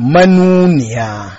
manuniya.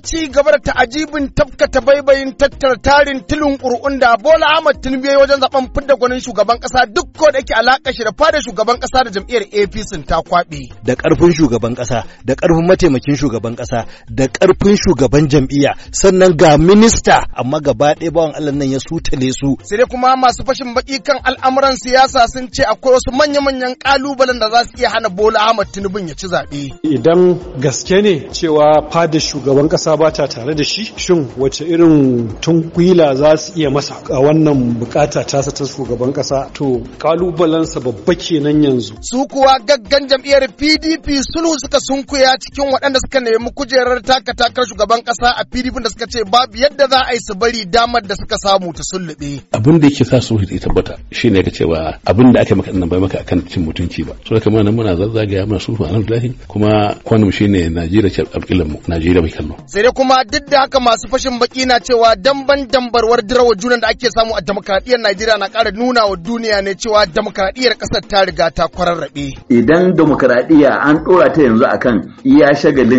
ci gaba da ta'ajibin tafkata baibayin tattara tarin tilin ƙuri'un da Bola Ahmad Tinubu ya wajen zaben fidda gwanin shugaban kasa duk ko da yake alaƙa shi da fada shugaban kasa da jam'iyyar APC ta kwaɓe. Da ƙarfin shugaban kasa, da ƙarfin mataimakin shugaban kasa, da ƙarfin shugaban jam'iyya, sannan ga minista amma gaba ɗaya bawan Allah nan ya sutale su. Sai dai kuma masu fashin baƙi kan al'amuran siyasa sun ce akwai wasu manya-manyan ƙalubalen da za su iya hana Bola Ahmad Tinubu ya ci zaɓe. Idan gaske ne cewa fada shugaban ƙasa ƙasa ba ta tare da shi shin wace irin tunkwila za su iya masa a wannan bukata ta ta shugaban ƙasa to kalubalensa babba kenan yanzu su kuwa gaggan jam'iyyar PDP sulhu suka sunkuya cikin waɗanda suka nemi kujerar takatakar shugaban ƙasa a PDP da suka ce babu yadda za a yi su bari damar da suka samu ta sulluɓe abin da yake sa su ya tabbata shine ka cewa abin da aka maka bai maka akan cin mutunci ba so kamar nan muna zazzagaya muna a nan kuma kwanum shine Najeriya ce alƙilan mu Najeriya mai kallo sai kuma duk da haka masu fashin baki na cewa damban dambarwar dirawar junan da ake samu a demokradiyyar Najeriya na ƙara nuna wa duniya ne cewa demokradiyyar ƙasar ta riga ta kwararrabe. Idan demokradiyya an ɗora ta yanzu akan iya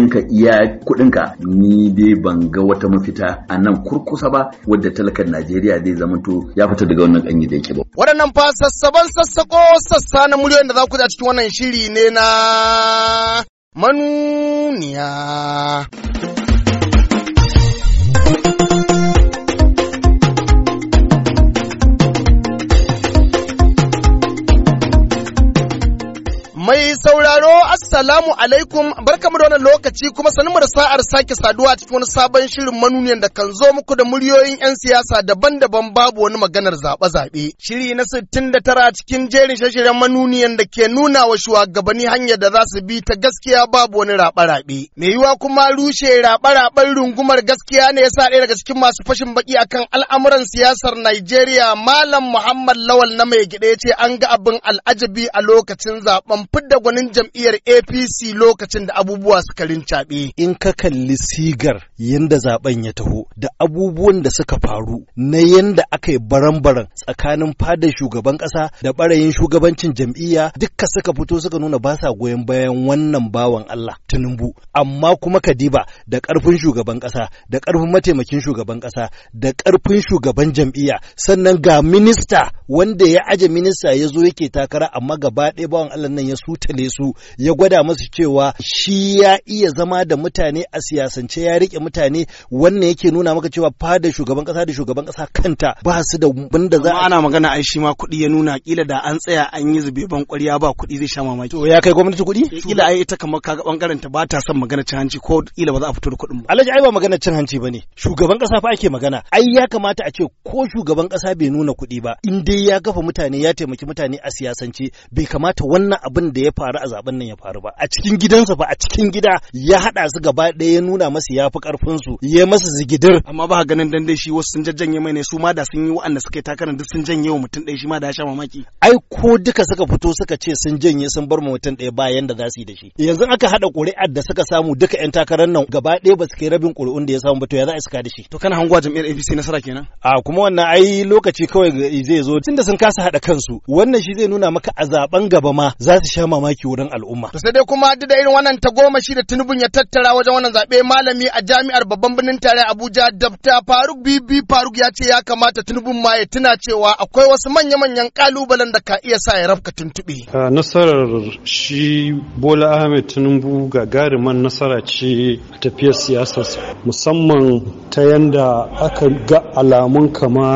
ka iya kuɗinka ni dai ban ga wata mafita a nan kurkusa ba wadda talakan Najeriya zai zamanto ya fita daga wannan ƙanyi da yake ba. Waɗannan fa sassaban sassaƙo sassa na miliyoyin da za ku a cikin wannan shiri ne na manuniya. Thank you. Mai sauraro Assalamu alaikum barkamu da wannan lokaci kuma sanin da sa'ar sake saduwa cikin wani sabon shirin manuniyan da kan zo muku da muryoyin 'yan siyasa daban-daban babu wani maganar zaɓe zaɓe. Shiri na sittin da tara cikin jerin shashiren manuniyan da ke nuna wa shugabanni hanyar da za su bi ta gaskiya babu wani raɓe-raɓe. Me yiwa kuma rushe raɓe-raɓen rungumar gaskiya ne yasa ɗaya daga cikin masu fashin baki akan al'amuran siyasar Najeriya Malam Muhammad Lawal na mai gida ya ce an ga abin al'ajabi a lokacin zaɓen da gwanin jam'iyyar APC lokacin da abubuwa suka rincaɓe. In ka kalli sigar yadda zaben ya taho da abubuwan da suka faru na yadda aka yi baran-baran tsakanin fadar shugaban ƙasa da ɓarayin shugabancin jam'iyya dukka suka fito suka nuna ba sa goyon bayan wannan bawan Allah Tinubu. Amma kuma Kadiba da ƙarfin shugaban ƙasa da ƙarfin mataimakin shugaban ƙasa da ƙarfin shugaban jam'iyya sannan ga minista wanda ya aje minista ya zo yake takara amma gaba ɗaya bawan Allah nan ya sutale su ya gwada musu cewa shi ya iya zama da mutane a siyasance ya rike mutane wannan yake nuna maka cewa fada shugaban kasa da shugaban kasa kanta ba su da banda za ana magana ai shi ma kuɗi ya nuna kila da an tsaya an yi zube ban ƙwarya ba kuɗi zai sha mamaki to ya kai gwamnati kuɗi kila eh, ai ita kamar kaga bangaren ta ba ta son magana cin hanci ko kila ba za a fito da kuɗin ba alhaji ai ba magana cin hanci bane shugaban kasa fa ake magana ai ya kamata a ce ko shugaban kasa bai nuna kuɗi ba in dai ya gafa mutane ya taimaki mutane a siyasance bai kamata wannan abin da ya faru a zaben nan ya faru ba a cikin gidansa ba a cikin gida ya haɗa su gaba ɗaya ya nuna masa ya fi su ya masa zigidir amma ba ganin dan dai shi wasu sun janye mai ne su ma da sun yi wa'anda suka yi takarar duk sun janye wa mutum ɗaya shi ma da ya sha mamaki ai ko duka suka fito suka ce sun janye sun bar mutum ɗaya bayan da za su yi da shi yanzu aka haɗa ƙuri'ar da suka samu duka 'yan takarar nan gaba ɗaya ba su kai rabin ƙuri'un da ya samu ba to ya za a iska da shi to kana hanguwa jam'iyyar APC nasara kenan a kuma wannan ai lokaci kawai zai zo tunda sun kasa haɗa kansu wannan shi zai nuna maka a zaben gaba ma za su sha mamaki wurin al'umma. To sai dai kuma duk da irin wannan tagomashi da tunubun ya tattara wajen wannan zaɓe malami a jami'ar babban birnin tare Abuja Dafta Faruk Bibi Faruk ya ce ya kamata tunubun ma ya tuna cewa akwai wasu manya-manyan kalubalen da ka iya sa ya rafka tuntube Nasarar shi Bola Ahmed Tinubu gagariman nasara ce a tafiyar musamman ta yanda aka ga alamun kama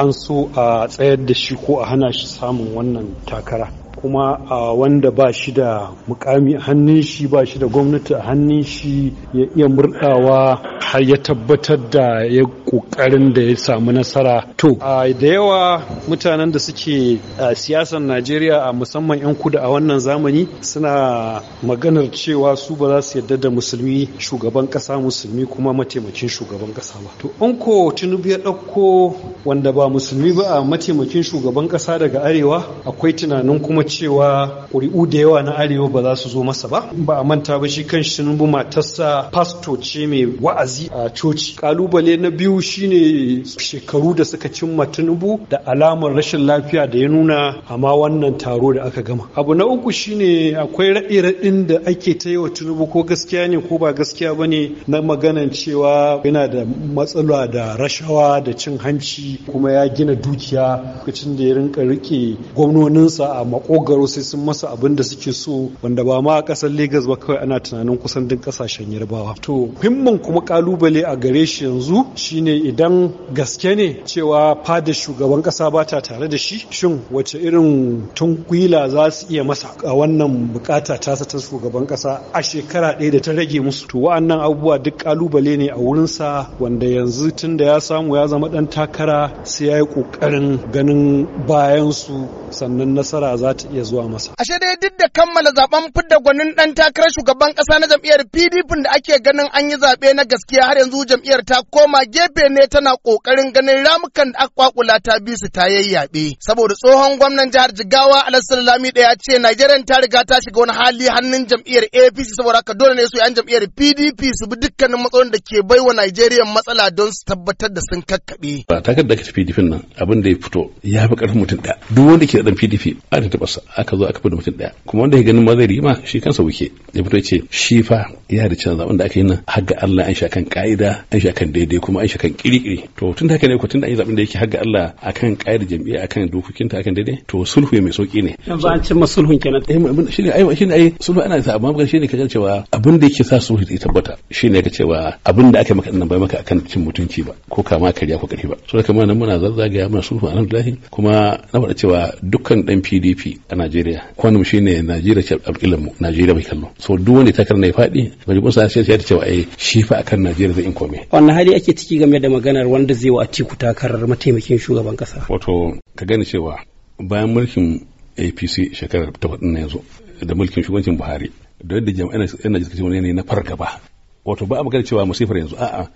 an so a tsayar da shi ko a hana shi samun wannan takara kuma a wanda ba shi da mukami a hannun shi ba shi da gwamnati a hannun shi ya iya murdawa har ya tabbatar da ya kokarin da ya samu nasara to da yawa mutanen da suke a siyasar najeriya a musamman 'yan kudu a wannan zamani suna maganar cewa su ba za su yadda da musulmi shugaban kasa musulmi kuma mataimakin shugaban kasa ba to an ko tunubu ya ɗauko wanda ba musulmi ba a mataimakin shugaban kasa daga arewa akwai tunanin kuma cewa ƙuri'u da yawa na arewa ba za su zo masa ba ba a manta ba shi kan shi tunubu matarsa fasto ce mai wa'azi a coci kalubale na biyu shine shekaru da suka cimma tunubu da alamar rashin lafiya da ya nuna a wannan taro da aka gama abu na uku shine akwai raɗi raɗin da ake ta yi wa tunubu ko gaskiya ne ko ba gaskiya ba ne na maganan cewa yana da matsala da rashawa da cin hanci kuma ya gina dukiya lokacin da ya rinka rike gwamnoninsa a makogaro sai sun masa abin da suke so wanda ba ma a ƙasar Legas ba kawai ana tunanin kusan duk ƙasashen yarbawa to himman kuma kalu kalubale a gare shi yanzu shine idan gaske ne cewa fada shugaban kasa ba ta tare da shi shin wace irin tunkwila za su iya masa a wannan bukata tasa ta shugaban kasa a shekara ɗaya da ta rage musu to wa'annan abubuwa duk kalubale ne a wurinsa wanda yanzu tun da ya samu ya zama dan takara sai ya yi kokarin ganin bayan su sannan nasara za ta iya zuwa masa ashe dai duk da kammala zaben fidda gwanin dan takarar shugaban kasa na jam'iyyar PDP da ake ganin an yi zaɓe na gaske gaskiya har yanzu jam'iyyar ta koma gefe ne tana kokarin ganin ramukan da aka kwakula ta bi su ta yayyabe Saboda tsohon gwamnan jihar Jigawa Alhassan Lami ya ce Najeriya ta riga ta shiga wani hali hannun jam'iyyar APC saboda haka dole ne su yan jam'iyyar PDP su bi dukkanin matsalolin da ke baiwa Najeriya matsala don su tabbatar da sun kakkabe Ba takar da ka PDP nan abin da ya fito ya fi karfin mutum daya Duk wanda ke da dan PDP a da tabbasa aka zo aka fi mutum daya Kuma wanda ya ganin ma zai rima shi kansa wuke. Ya fito ya ce shi fa ya da cin zaben da aka yi nan har ga Allah an sha kan kan ka'ida an shi akan daidai kuma an shi akan kirikiri to tun haka ne ko tun da an yi zaben da yake har Allah akan ka'idar jam'iyya akan dokokinta akan daidai to sulhu mai sauki ne yanzu an cimma sulhun kenan eh shine ai shine ai sulhu ana sa amma magana shine kaga cewa abin da yake sa sulhu ya tabbata shine ka cewa abin da aka maka dinnan bai maka akan cin mutunci ba ko kama kariya ko karfi ba so kuma nan muna ya muna sulhu alhamdulillah kuma na faɗa cewa dukkan dan PDP a Najeriya kwanum shine Najeriya ce alƙilan mu Najeriya bai kallo so duk wanda ta ya faɗi bai musa sai ya cewa ai eh, shi fa akan Najeriya zai kome. Wannan hali ake ciki game da maganar wanda zai wa Atiku takarar mataimakin shugaban kasa. Wato ka gani cewa bayan mulkin APC shekarar takwas na yanzu da mulkin shugabancin Buhari da yadda jama'an yana jikin wani yanayi na fargaba wato ba a magana cewa masifar yanzu a'a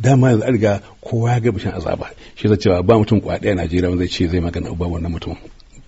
dama yanzu an riga kowa ya ga bishin azaba shi zai cewa ba mutum kwa ɗaya Najeriya wanda zai ce zai magana ba wannan mutum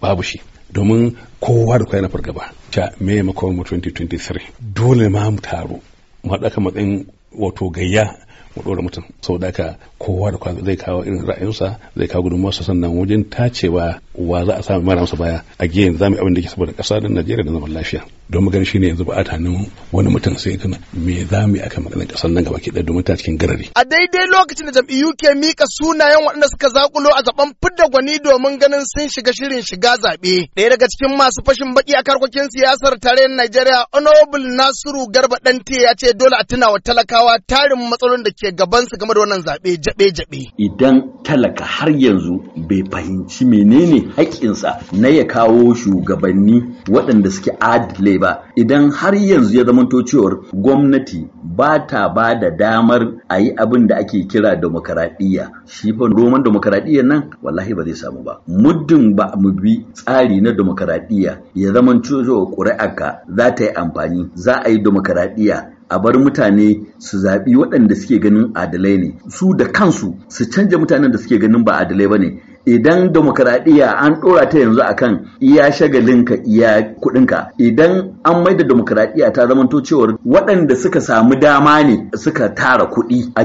babu shi domin kowa da kowa na fargaba ta me makon 2023 dole ma mu taru mu haɗa kan matsayin wato gayya wa ɗora mutum Sau haka kowa da kwanza zai kawo irin ra'ayinsa zai kawo gudunmuwarsa sannan wajen tacewa wa za a samu mara masa baya a giyan za mu yi abin da ke saboda ƙasa da Najeriya da zaman lafiya don mu shi ne yanzu ba a tanin wani mutum sai tuna me za mu yi aka nan gaba ke ɗaya domin ta cikin garari. A daidai lokacin da jam'iyyu ke mika sunayen waɗanda suka zakulo a zaben fidda gwani domin ganin sun shiga shirin shiga zaɓe. Ɗaya daga cikin masu fashin baki a karkokin siyasar tarayyar Najeriya Honorable Nasiru Garba Dante ya ce dole a tuna wa talakawa tarin matsalolin da ke gabansu game da wannan zaɓe jaɓe-jaɓe. Idan talaka har yanzu bai fahimci menene haƙƙinsa na ya kawo shugabanni waɗanda suke adile ba idan har yanzu ya zamanto cewar gwamnati ba ta ba da damar a yi abin da ake kira demokaradiyya shi fa roman demokaradiyyar nan wallahi ba zai samu ba muddin ba mu bi tsari na demokaradiyya ya zamanto cewa ƙuri'arka za ta yi amfani za a yi demokaradiyya a bar mutane su zaɓi waɗanda suke ganin adalai ne su da kansu su canja mutanen da suke ganin ba adalai ba ne idan demokradiyya an ɗora ta yanzu akan iya shagalinka iya kuɗinka idan an maida demokradiyya ta zamanto cewar waɗanda suka samu dama ne suka tara kuɗi a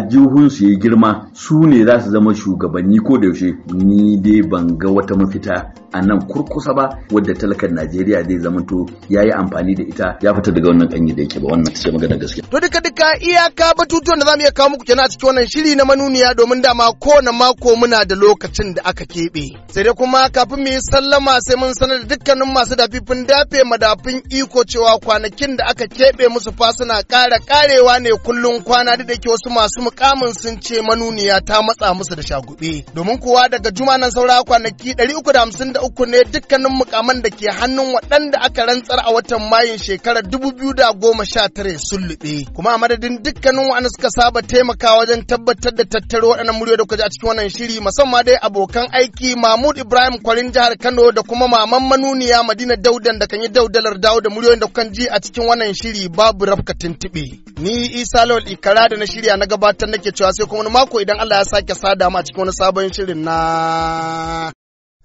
su ya girma su ne za su zama shugabanni ko da yaushe ni dai ban ga wata mafita a nan kurkusa ba wadda talakan najeriya zai zamanto ya yi amfani da ita ya fita daga wannan kanyi da yake ba wannan tace magana gaskiya. to duka duka iyaka batutuwan da za mu iya kawo muku kenan a cikin wannan shiri na manuniya domin dama kowane mako muna da lokacin da aka keɓe. Sai dai kuma kafin mu yi sallama sai mun sanar da dukkanin masu dafifin dafe madafin iko cewa kwanakin da aka keɓe musu fa suna ƙara ƙarewa ne kullum kwana da ke wasu masu mukamin sun ce manuniya ta matsa musu da shagube. Domin kuwa daga juma nan saura kwanaki 353 ne dukkanin mukaman da ke hannun waɗanda aka rantsar a watan Mayun shekarar 2019 sun luɓe. Kuma a madadin dukkanin waɗanda suka saba taimaka wajen tabbatar da tattaro waɗannan muryoyi da kuka ji a cikin wannan shiri musamman dai abokan aiki. aiki Mahmud Ibrahim Kwarin jihar Kano da kuma maman manuniya Madina Daudan da kan yi daudalar dawo da muryoyin da kukan ji a cikin wannan shiri babu rafka tuntuɓe. Ni Isa Lawal Ikara da na shirya na gabatar nake cewa sai kuma mako idan Allah ya sake sada mu a cikin wani sabon shirin na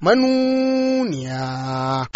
manuniya.